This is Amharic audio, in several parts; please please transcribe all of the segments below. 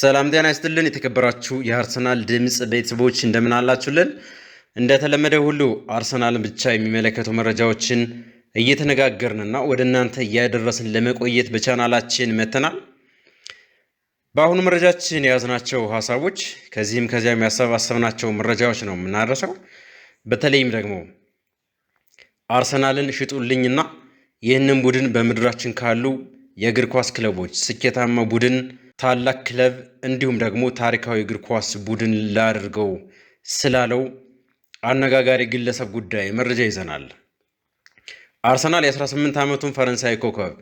ሰላም ጤና ይስጥልን። የተከበራችሁ የአርሰናል ድምፅ ቤተሰቦች እንደምን አላችሁልን? እንደተለመደ ሁሉ አርሰናልን ብቻ የሚመለከቱ መረጃዎችን እየተነጋገርንና ወደ እናንተ እያደረስን ለመቆየት በቻናላችን መተናል። በአሁኑ መረጃችን የያዝናቸው ሀሳቦች ከዚህም ከዚያም ያሰባሰብናቸው መረጃዎች ነው የምናደርሰው። በተለይም ደግሞ አርሰናልን ሽጡልኝና ይህንን ቡድን በምድራችን ካሉ የእግር ኳስ ክለቦች ስኬታማ ቡድን ታላቅ ክለብ እንዲሁም ደግሞ ታሪካዊ እግር ኳስ ቡድን ላድርገው ስላለው አነጋጋሪ ግለሰብ ጉዳይ መረጃ ይዘናል። አርሰናል የ18 ዓመቱን ፈረንሳይ ኮከብ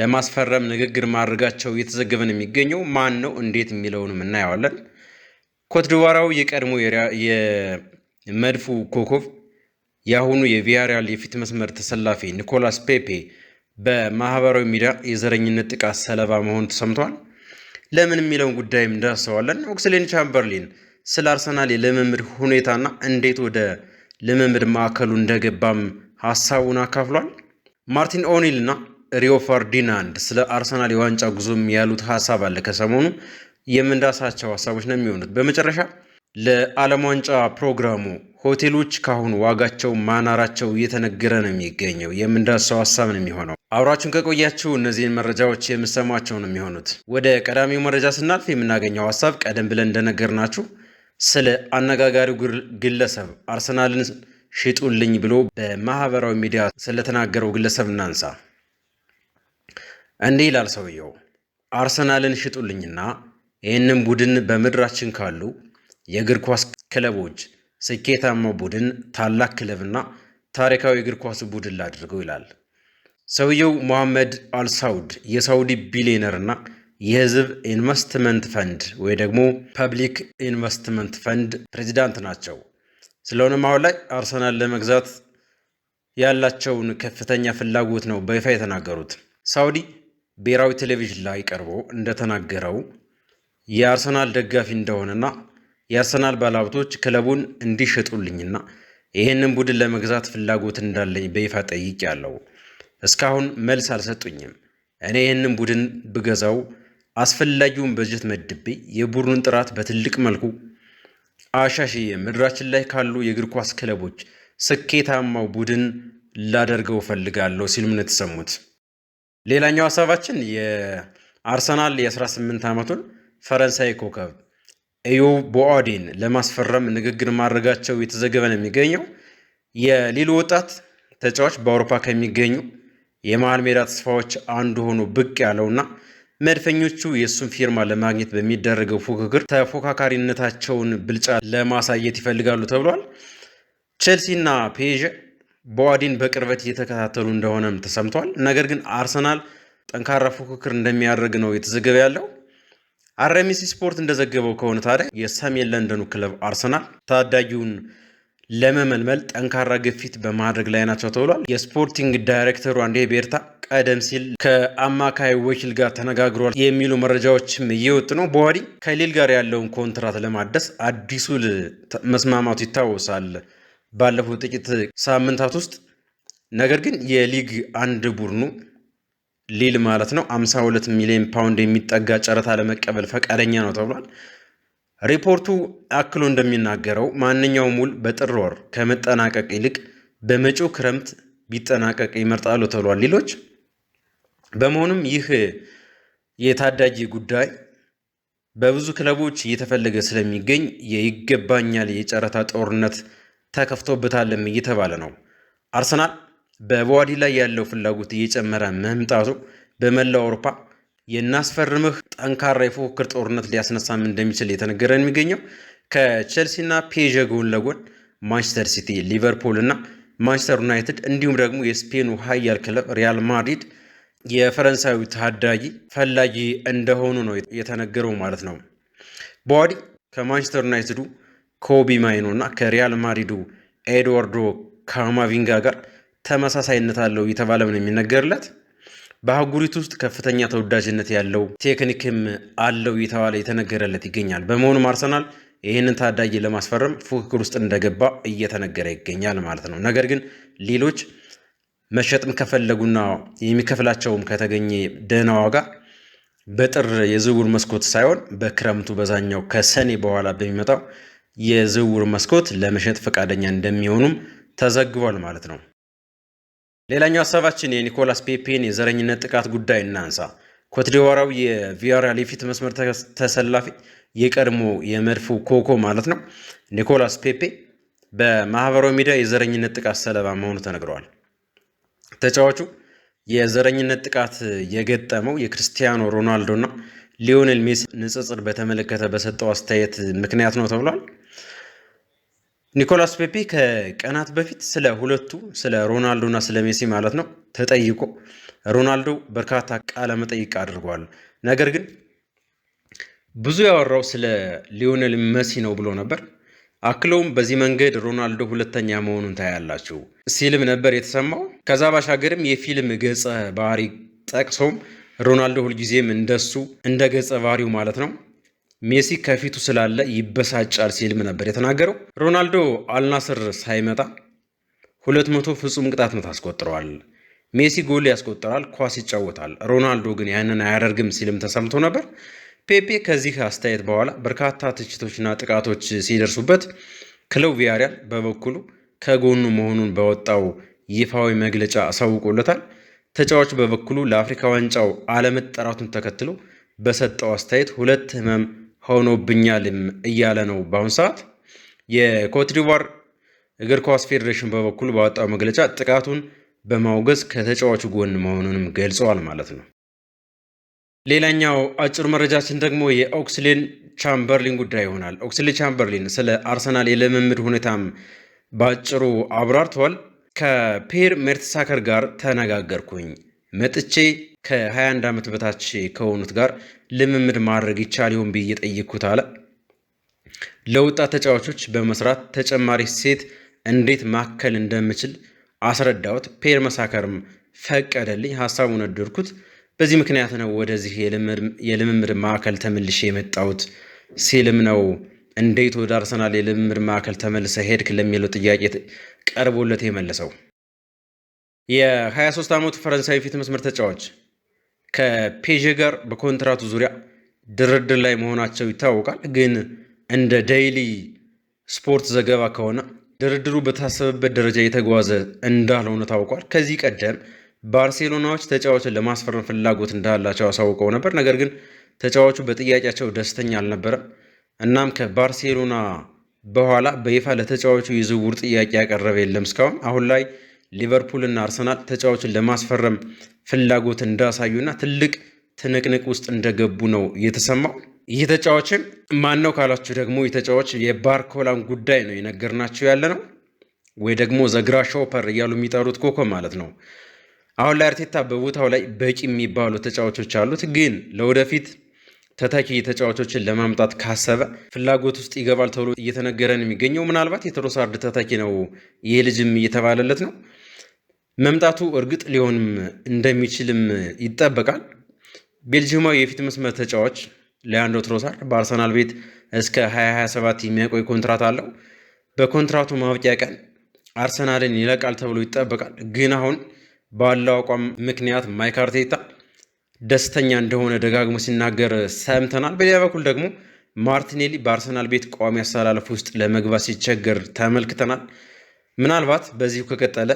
ለማስፈረም ንግግር ማድረጋቸው እየተዘገበን የሚገኘው ማን ነው እንዴት የሚለውንም እናየዋለን። ኮትዲቫራዊ የቀድሞ የመድፉ ኮከብ የአሁኑ የቪያሪያል የፊት መስመር ተሰላፊ ኒኮላስ ፔፔ በማህበራዊ ሚዲያ የዘረኝነት ጥቃት ሰለባ መሆኑ ተሰምቷል። ለምን የሚለውን ጉዳይም ደርሰዋለን። ኦክስሌን ቻምበርሊን ስለ አርሰናል የልምምድ ሁኔታና እንዴት ወደ ልምምድ ማዕከሉ እንደገባም ሀሳቡን አካፍሏል። ማርቲን ኦኒል እና ሪዮ ፈርዲናንድ ስለ አርሰናል የዋንጫ ጉዞም ያሉት ሀሳብ አለ። ከሰሞኑ የምንዳሳቸው ሀሳቦች ነው የሚሆኑት። በመጨረሻ ለዓለም ዋንጫ ፕሮግራሙ ሆቴሎች ካሁን ዋጋቸው ማናራቸው እየተነገረ ነው የሚገኘው። የምንዳሰው ሀሳብ ነው የሚሆነው። አብራችን ከቆያችሁ እነዚህን መረጃዎች የምሰማቸው ነው የሚሆኑት። ወደ ቀዳሚው መረጃ ስናልፍ የምናገኘው ሀሳብ ቀደም ብለን እንደነገርናችሁ ስለ አነጋጋሪው ግለሰብ አርሰናልን ሽጡልኝ ብሎ በማህበራዊ ሚዲያ ስለተናገረው ግለሰብ እናንሳ። እንዲህ ይላል ሰውየው፣ አርሰናልን ሽጡልኝና ይህንም ቡድን በምድራችን ካሉ የእግር ኳስ ክለቦች ስኬታማ ቡድን ታላቅ ክለብና ታሪካዊ እግር ኳስ ቡድን ላድርገው ይላል። ሰውየው መሐመድ አልሳውድ የሳውዲ ና የህዝብ ኢንቨስትመንት ፈንድ ወይ ደግሞ ፐብሊክ ኢንቨስትመንት ፈንድ ፕሬዚዳንት ናቸው። ስለሆነም አሁን ላይ አርሰናል ለመግዛት ያላቸውን ከፍተኛ ፍላጎት ነው በይፋ የተናገሩት። ሳውዲ ብሔራዊ ቴሌቪዥን ላይ ቀርቦ እንደተናገረው የአርሰናል ደጋፊ እንደሆነና የአርሰናል ባለሀብቶች ክለቡን እንዲሸጡልኝና ይህንን ቡድን ለመግዛት ፍላጎት እንዳለኝ በይፋ ጠይቄያለሁ። እስካሁን መልስ አልሰጡኝም። እኔ ይህንን ቡድን ብገዛው አስፈላጊውን በጀት መድቤ የቡድኑን ጥራት በትልቅ መልኩ አሻሽዬ ምድራችን ላይ ካሉ የእግር ኳስ ክለቦች ስኬታማው ቡድን ላደርገው እፈልጋለሁ ሲሉም ነው የተሰሙት። ሌላኛው ሀሳባችን የአርሰናል የ18 ዓመቱን ፈረንሳይ ኮከብ ኢዮብ ቦአዴን ለማስፈረም ንግግር ማድረጋቸው የተዘገበ ነው የሚገኘው የሊሉ ወጣት ተጫዋች በአውሮፓ ከሚገኙ የመሃል ሜዳ ተስፋዎች አንዱ ሆኖ ብቅ ያለውና መድፈኞቹ የእሱን ፊርማ ለማግኘት በሚደረገው ፉክክር ተፎካካሪነታቸውን ብልጫ ለማሳየት ይፈልጋሉ ተብሏል። ቼልሲና ፔዥ በዋዲን በቅርበት እየተከታተሉ እንደሆነም ተሰምቷል። ነገር ግን አርሰናል ጠንካራ ፉክክር እንደሚያደርግ ነው የተዘገበ ያለው። አረሚሲ ስፖርት እንደዘገበው ከሆነ ታዲያ የሰሜን ለንደኑ ክለብ አርሰናል ታዳጊውን ለመመልመል ጠንካራ ግፊት በማድረግ ላይ ናቸው ተብሏል። የስፖርቲንግ ዳይሬክተሩ አንዴ ቤርታ ቀደም ሲል ከአማካይ ወኪል ጋር ተነጋግሯል የሚሉ መረጃዎችም እየወጡ ነው። በዋዲ ከሊል ጋር ያለውን ኮንትራት ለማደስ አዲሱ መስማማቱ ይታወሳል ባለፉት ጥቂት ሳምንታት ውስጥ። ነገር ግን የሊግ አንድ ቡድኑ ሊል ማለት ነው 52 ሚሊዮን ፓውንድ የሚጠጋ ጨረታ ለመቀበል ፈቃደኛ ነው ተብሏል። ሪፖርቱ አክሎ እንደሚናገረው ማንኛውም ውል በጥር ወር ከመጠናቀቅ ይልቅ በመጪው ክረምት ቢጠናቀቅ ይመርጣሉ ተብሏል። ሌሎች በመሆኑም ይህ የታዳጊ ጉዳይ በብዙ ክለቦች እየተፈለገ ስለሚገኝ የይገባኛል የጨረታ ጦርነት ተከፍቶበታልም እየተባለ ነው። አርሰናል በቦዋዲ ላይ ያለው ፍላጎት እየጨመረ መምጣቱ በመላው አውሮፓ የናስፈርምህ ጠንካራ የፉክክር ጦርነት ሊያስነሳም እንደሚችል የተነገረ የሚገኘው ከቼልሲና ፔዥ ጎን ለጎን ማንቸስተር ሲቲ፣ ሊቨርፑል እና ማንቸስተር ዩናይትድ እንዲሁም ደግሞ የስፔኑ ሀያል ክለብ ሪያል ማድሪድ የፈረንሳዊ ታዳጊ ፈላጊ እንደሆኑ ነው የተነገረው ማለት ነው። በዋዲ ከማንቸስተር ዩናይትዱ ኮቢ ማይኖ እና ከሪያል ማድሪዱ ኤድዋርዶ ካማቪንጋ ጋር ተመሳሳይነት አለው እየተባለም ነው የሚነገርለት። በአህጉሪቱ ውስጥ ከፍተኛ ተወዳጅነት ያለው ቴክኒክም አለው እየተባለ የተነገረለት ይገኛል። በመሆኑም አርሰናል ይህንን ታዳጊ ለማስፈረም ፉክክር ውስጥ እንደገባ እየተነገረ ይገኛል ማለት ነው። ነገር ግን ሌሎች መሸጥም ከፈለጉና የሚከፍላቸውም ከተገኘ ደህና ዋጋ በጥር የዝውውር መስኮት ሳይሆን በክረምቱ በዛኛው ከሰኔ በኋላ በሚመጣው የዝውውር መስኮት ለመሸጥ ፈቃደኛ እንደሚሆኑም ተዘግቧል ማለት ነው። ሌላኛው ሀሳባችን የኒኮላስ ፔፔን የዘረኝነት ጥቃት ጉዳይ እናንሳ። ኮትዲዋራው የቪያሪያል የፊት መስመር ተሰላፊ የቀድሞ የመድፉ ኮኮ ማለት ነው ኒኮላስ ፔፔ በማህበራዊ ሚዲያ የዘረኝነት ጥቃት ሰለባ መሆኑ ተነግረዋል። ተጫዋቹ የዘረኝነት ጥቃት የገጠመው የክርስቲያኖ ሮናልዶና ሊዮኔል ሜሲ ንጽጽር በተመለከተ በሰጠው አስተያየት ምክንያት ነው ተብሏል። ኒኮላስ ፔፔ ከቀናት በፊት ስለ ሁለቱ ስለ ሮናልዶና ስለ ሜሲ ማለት ነው ተጠይቆ ሮናልዶ በርካታ ቃለ መጠይቅ አድርጓል። ነገር ግን ብዙ ያወራው ስለ ሊዮኔል መሲ ነው ብሎ ነበር። አክለውም በዚህ መንገድ ሮናልዶ ሁለተኛ መሆኑን ታያላችሁ ሲልም ነበር የተሰማው። ከዛ ባሻገርም የፊልም ገጸ ባህሪ ጠቅሶም ሮናልዶ ሁልጊዜም እንደሱ እንደ ገጸ ባህሪው ማለት ነው ሜሲ ከፊቱ ስላለ ይበሳጫል ሲልም ነበር የተናገረው። ሮናልዶ አልናስር ሳይመጣ 200 ፍጹም ቅጣት ምት አስቆጥረዋል። ሜሲ ጎል ያስቆጥራል፣ ኳስ ይጫወታል። ሮናልዶ ግን ያንን አያደርግም ሲልም ተሰምቶ ነበር። ፔፔ ከዚህ አስተያየት በኋላ በርካታ ትችቶችና ጥቃቶች ሲደርሱበት ክለው ቪያሪያል በበኩሉ ከጎኑ መሆኑን በወጣው ይፋዊ መግለጫ አሳውቆለታል። ተጫዋቹ በበኩሉ ለአፍሪካ ዋንጫው አለመጠራቱን ተከትሎ በሰጠው አስተያየት ሁለት ህመም ሆኖብኛልም እያለ ነው። በአሁኑ ሰዓት የኮትዲቫር እግር ኳስ ፌዴሬሽን በበኩል ባወጣው መግለጫ ጥቃቱን በማውገዝ ከተጫዋቹ ጎን መሆኑንም ገልጸዋል ማለት ነው። ሌላኛው አጭር መረጃችን ደግሞ የኦክስሌን ቻምበርሊን ጉዳይ ይሆናል። ኦክስሌን ቻምበርሊን ስለ አርሰናል የልምምድ ሁኔታም በአጭሩ አብራርተዋል። ከፔር ሜርትሳከር ጋር ተነጋገርኩኝ መጥቼ ከ21 ዓመት በታች ከሆኑት ጋር ልምምድ ማድረግ ይቻል ይሆን ብዬ ጠየቅኩት አለ። ለወጣት ተጫዋቾች በመስራት ተጨማሪ ሴት እንዴት ማከል እንደምችል አስረዳሁት። ፔር መሳከርም ፈቀደልኝ፣ ሀሳቡን ነደርኩት በዚህ ምክንያት ነው ወደዚህ የልምምድ ማዕከል ተመልሼ የመጣሁት ሲልም ነው እንዴት ወደ አርሰናል የልምምድ ማዕከል ተመልሰ ሄድክ ለሚለው ጥያቄ ቀርቦለት የመለሰው። የ23 ዓመቱ ፈረንሳዊ ፊት መስመር ተጫዋች ከፔዤ ጋር በኮንትራቱ ዙሪያ ድርድር ላይ መሆናቸው ይታወቃል። ግን እንደ ዴይሊ ስፖርት ዘገባ ከሆነ ድርድሩ በታሰበበት ደረጃ የተጓዘ እንዳልሆነ ታውቋል። ከዚህ ቀደም ባርሴሎናዎች ተጫዋችን ለማስፈረም ፍላጎት እንዳላቸው አሳውቀው ነበር። ነገር ግን ተጫዋቹ በጥያቄያቸው ደስተኛ አልነበረም። እናም ከባርሴሎና በኋላ በይፋ ለተጫዋቹ የዝውውር ጥያቄ ያቀረበ የለም እስካሁን አሁን ላይ ሊቨርፑልና አርሰናል ተጫዋችን ለማስፈረም ፍላጎት እንዳሳዩና ትልቅ ትንቅንቅ ውስጥ እንደገቡ ነው የተሰማው። ይህ ተጫዋችን ማን ነው ካላችሁ ደግሞ ይህ ተጫዋች የባርኮላን ጉዳይ ነው የነገርናችሁ ያለ ነው ወይ ደግሞ ዘግራ ሾፐር እያሉ የሚጠሩት ኮኮ ማለት ነው። አሁን ላይ አርቴታ በቦታው ላይ በቂ የሚባሉ ተጫዋቾች አሉት ግን ለወደፊት ተተኪ ተጫዋቾችን ለማምጣት ካሰበ ፍላጎት ውስጥ ይገባል ተብሎ እየተነገረ የሚገኘው። ምናልባት የትሮሳርድ ተተኪ ነው ይህ ልጅም እየተባለለት ነው። መምጣቱ እርግጥ ሊሆንም እንደሚችልም ይጠበቃል። ቤልጅማዊ የፊት መስመር ተጫዋች ሊያንድሮ ትሮሳርድ በአርሰናል ቤት እስከ 2027 የሚያቆይ ኮንትራት አለው። በኮንትራቱ ማብቂያ ቀን አርሰናልን ይለቃል ተብሎ ይጠበቃል። ግን አሁን ባለው አቋም ምክንያት ማይክ አርቴታ ደስተኛ እንደሆነ ደጋግሞ ሲናገር ሰምተናል። በሌላ በኩል ደግሞ ማርቲኔሊ በአርሰናል ቤት ቋሚ አሰላለፍ ውስጥ ለመግባት ሲቸገር ተመልክተናል። ምናልባት በዚሁ ከቀጠለ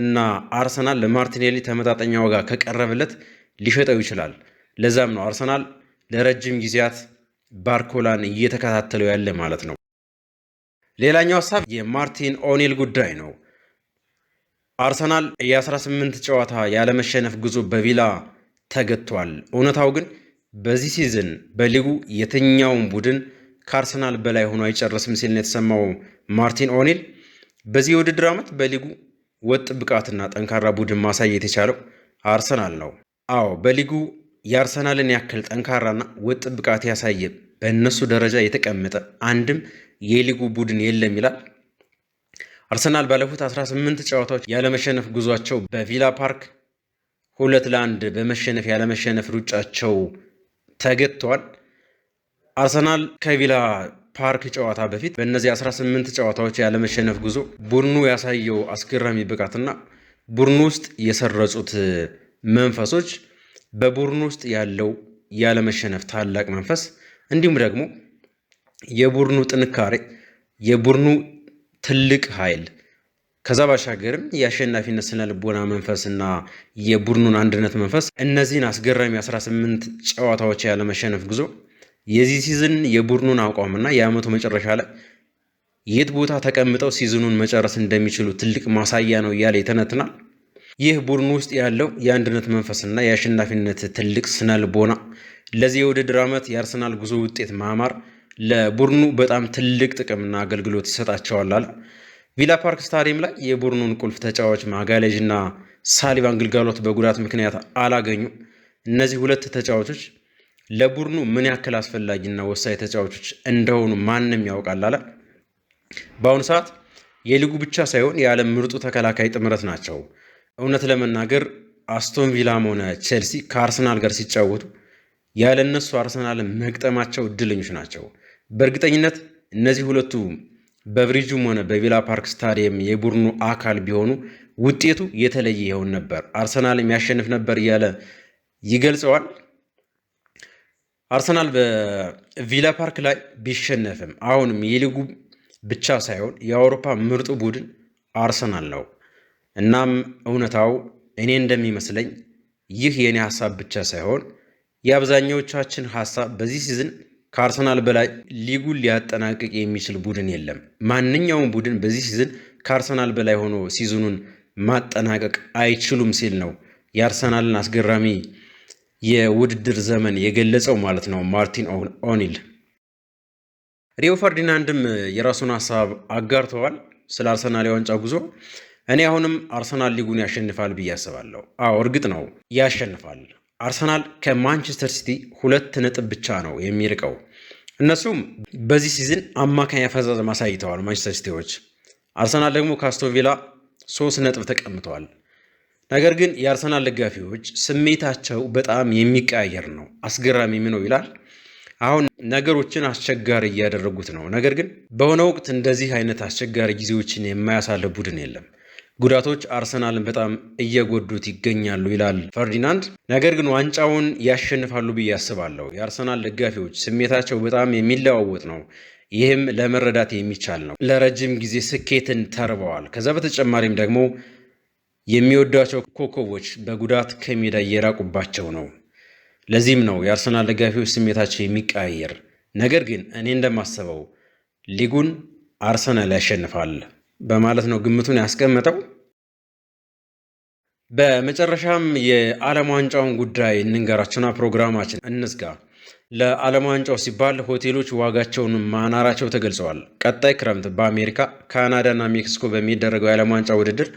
እና አርሰናል ለማርቲኔሊ ተመጣጠኛ ዋጋ ከቀረበለት ሊሸጠው ይችላል። ለዛም ነው አርሰናል ለረጅም ጊዜያት ባርኮላን እየተከታተለው ያለ ማለት ነው። ሌላኛው ሀሳብ የማርቲን ኦኔል ጉዳይ ነው። አርሰናል የ18 ጨዋታ ያለመሸነፍ ጉዞ በቪላ ተገጥቷል። እውነታው ግን በዚህ ሲዝን በሊጉ የትኛውን ቡድን ከአርሰናል በላይ ሆኖ አይጨርስም ሲል ነው የተሰማው ማርቲን ኦኒል በዚህ የውድድር ዓመት በሊጉ ወጥ ብቃትና ጠንካራ ቡድን ማሳየት የቻለው አርሰናል ነው። አዎ በሊጉ የአርሰናልን ያክል ጠንካራና ወጥ ብቃት ያሳየ በእነሱ ደረጃ የተቀመጠ አንድም የሊጉ ቡድን የለም ይላል። አርሰናል ባለፉት 18 ጨዋታዎች ያለመሸነፍ ጉዟቸው በቪላ ፓርክ ሁለት ለአንድ በመሸነፍ ያለመሸነፍ ሩጫቸው ተገጥቷል። አርሰናል ከቪላ ፓርክ ጨዋታ በፊት በእነዚህ 18 ጨዋታዎች ያለመሸነፍ ጉዞ ቡድኑ ያሳየው አስገራሚ ብቃትና ቡድኑ ውስጥ የሰረጹት መንፈሶች በቡድኑ ውስጥ ያለው ያለመሸነፍ ታላቅ መንፈስ እንዲሁም ደግሞ የቡድኑ ጥንካሬ የቡድኑ ትልቅ ኃይል ከዛ ባሻገርም የአሸናፊነት ስነ ልቦና መንፈስና የቡድኑን አንድነት መንፈስ እነዚህን አስገራሚ 18 ጨዋታዎች ያለመሸነፍ ጉዞ የዚህ ሲዝን የቡድኑን አቋምና የዓመቱ መጨረሻ ላይ የት ቦታ ተቀምጠው ሲዝኑን መጨረስ እንደሚችሉ ትልቅ ማሳያ ነው እያለ ይተነትናል። ይህ ቡድኑ ውስጥ ያለው የአንድነት መንፈስና የአሸናፊነት ትልቅ ስነ ልቦና ለዚህ የውድድር ዓመት የአርሰናል ጉዞ ውጤት ማማር ለቡድኑ በጣም ትልቅ ጥቅምና አገልግሎት ይሰጣቸዋል አለ። ቪላ ፓርክ ስታዲየም ላይ የቡድኑን ቁልፍ ተጫዋች ማጋሌዥ እና ሳሊባን ግልጋሎት በጉዳት ምክንያት አላገኙም። እነዚህ ሁለት ተጫዋቾች ለቡድኑ ምን ያክል አስፈላጊና ወሳኝ ተጫዋቾች እንደሆኑ ማንም ያውቃል አለ። በአሁኑ ሰዓት የሊጉ ብቻ ሳይሆን የዓለም ምርጡ ተከላካይ ጥምረት ናቸው። እውነት ለመናገር አስቶን ቪላም ሆነ ቼልሲ ከአርሰናል ጋር ሲጫወቱ ያለ እነሱ አርሰናልን መግጠማቸው እድለኞች ናቸው። በእርግጠኝነት እነዚህ ሁለቱ በብሪጁም ሆነ በቪላ ፓርክ ስታዲየም የቡድኑ አካል ቢሆኑ ውጤቱ የተለየ ይሆን ነበር፣ አርሰናል የሚያሸንፍ ነበር እያለ ይገልጸዋል። አርሰናል በቪላ ፓርክ ላይ ቢሸነፍም አሁንም የሊጉ ብቻ ሳይሆን የአውሮፓ ምርጡ ቡድን አርሰናል ነው። እናም እውነታው እኔ እንደሚመስለኝ ይህ የእኔ ሀሳብ ብቻ ሳይሆን የአብዛኛዎቻችን ሀሳብ በዚህ ሲዝን ከአርሰናል በላይ ሊጉን ሊያጠናቅቅ የሚችል ቡድን የለም። ማንኛውም ቡድን በዚህ ሲዝን ከአርሰናል በላይ ሆኖ ሲዝኑን ማጠናቀቅ አይችሉም ሲል ነው የአርሰናልን አስገራሚ የውድድር ዘመን የገለጸው ማለት ነው ማርቲን ኦኒል። ሪዮ ፈርዲናንድም የራሱን ሀሳብ አጋርተዋል ስለ አርሰናል የዋንጫ ጉዞ። እኔ አሁንም አርሰናል ሊጉን ያሸንፋል ብዬ አስባለሁ። አዎ እርግጥ ነው ያሸንፋል። አርሰናል ከማንቸስተር ሲቲ ሁለት ነጥብ ብቻ ነው የሚርቀው። እነሱም በዚህ ሲዝን አማካኝ አፈጻጸም አሳይተዋል ማንቸስተር ሲቲዎች። አርሰናል ደግሞ ከአስቶን ሶስት ነጥብ ተቀምጠዋል። ነገር ግን የአርሰናል ደጋፊዎች ስሜታቸው በጣም የሚቀያየር ነው፣ አስገራሚም ነው ይላል። አሁን ነገሮችን አስቸጋሪ እያደረጉት ነው። ነገር ግን በሆነ ወቅት እንደዚህ አይነት አስቸጋሪ ጊዜዎችን የማያሳልፍ ቡድን የለም። ጉዳቶች አርሰናልን በጣም እየጎዱት ይገኛሉ ይላል ፈርዲናንድ። ነገር ግን ዋንጫውን ያሸንፋሉ ብዬ አስባለሁ። የአርሰናል ደጋፊዎች ስሜታቸው በጣም የሚለዋወጥ ነው። ይህም ለመረዳት የሚቻል ነው። ለረጅም ጊዜ ስኬትን ተርበዋል። ከዛ በተጨማሪም ደግሞ የሚወዷቸው ኮከቦች በጉዳት ከሜዳ እየራቁባቸው ነው። ለዚህም ነው የአርሰናል ደጋፊዎች ስሜታቸው የሚቀያየር። ነገር ግን እኔ እንደማስበው ሊጉን አርሰናል ያሸንፋል። በማለት ነው ግምቱን ያስቀመጠው። በመጨረሻም የዓለም ዋንጫውን ጉዳይ እንንገራቸውና ፕሮግራማችን እንዝጋ። ለዓለም ዋንጫው ሲባል ሆቴሎች ዋጋቸውን ማናራቸው ተገልጸዋል። ቀጣይ ክረምት በአሜሪካ ካናዳና ሜክሲኮ በሚደረገው የዓለም ዋንጫ ውድድር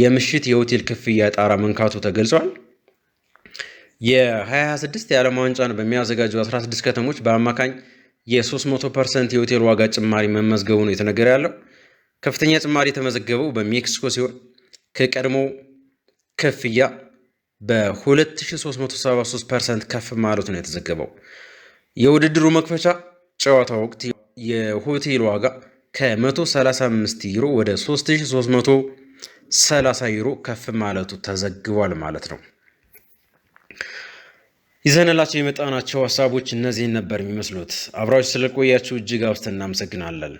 የምሽት የሆቴል ክፍያ ጣራ መንካቱ ተገልጿል። የ2026 የዓለም ዋንጫን በሚያዘጋጁ 16 ከተሞች በአማካኝ የ300 ፐርሰንት የሆቴል ዋጋ ጭማሪ መመዝገቡ ነው የተነገረ ያለው። ከፍተኛ ጭማሪ የተመዘገበው በሜክሲኮ ሲሆን ከቀድሞ ክፍያ በ2373 ፐርሰንት ከፍ ማለቱ ነው የተዘገበው። የውድድሩ መክፈቻ ጨዋታ ወቅት የሆቴል ዋጋ ከ135 ዩሮ ወደ 3330 ዩሮ ከፍ ማለቱ ተዘግቧል ማለት ነው። ይዘንላቸው የመጣናቸው ሀሳቦች እነዚህን ነበር የሚመስሉት። አብራችሁ ስለቆያችሁ እጅግ አብስተ እናመሰግናለን።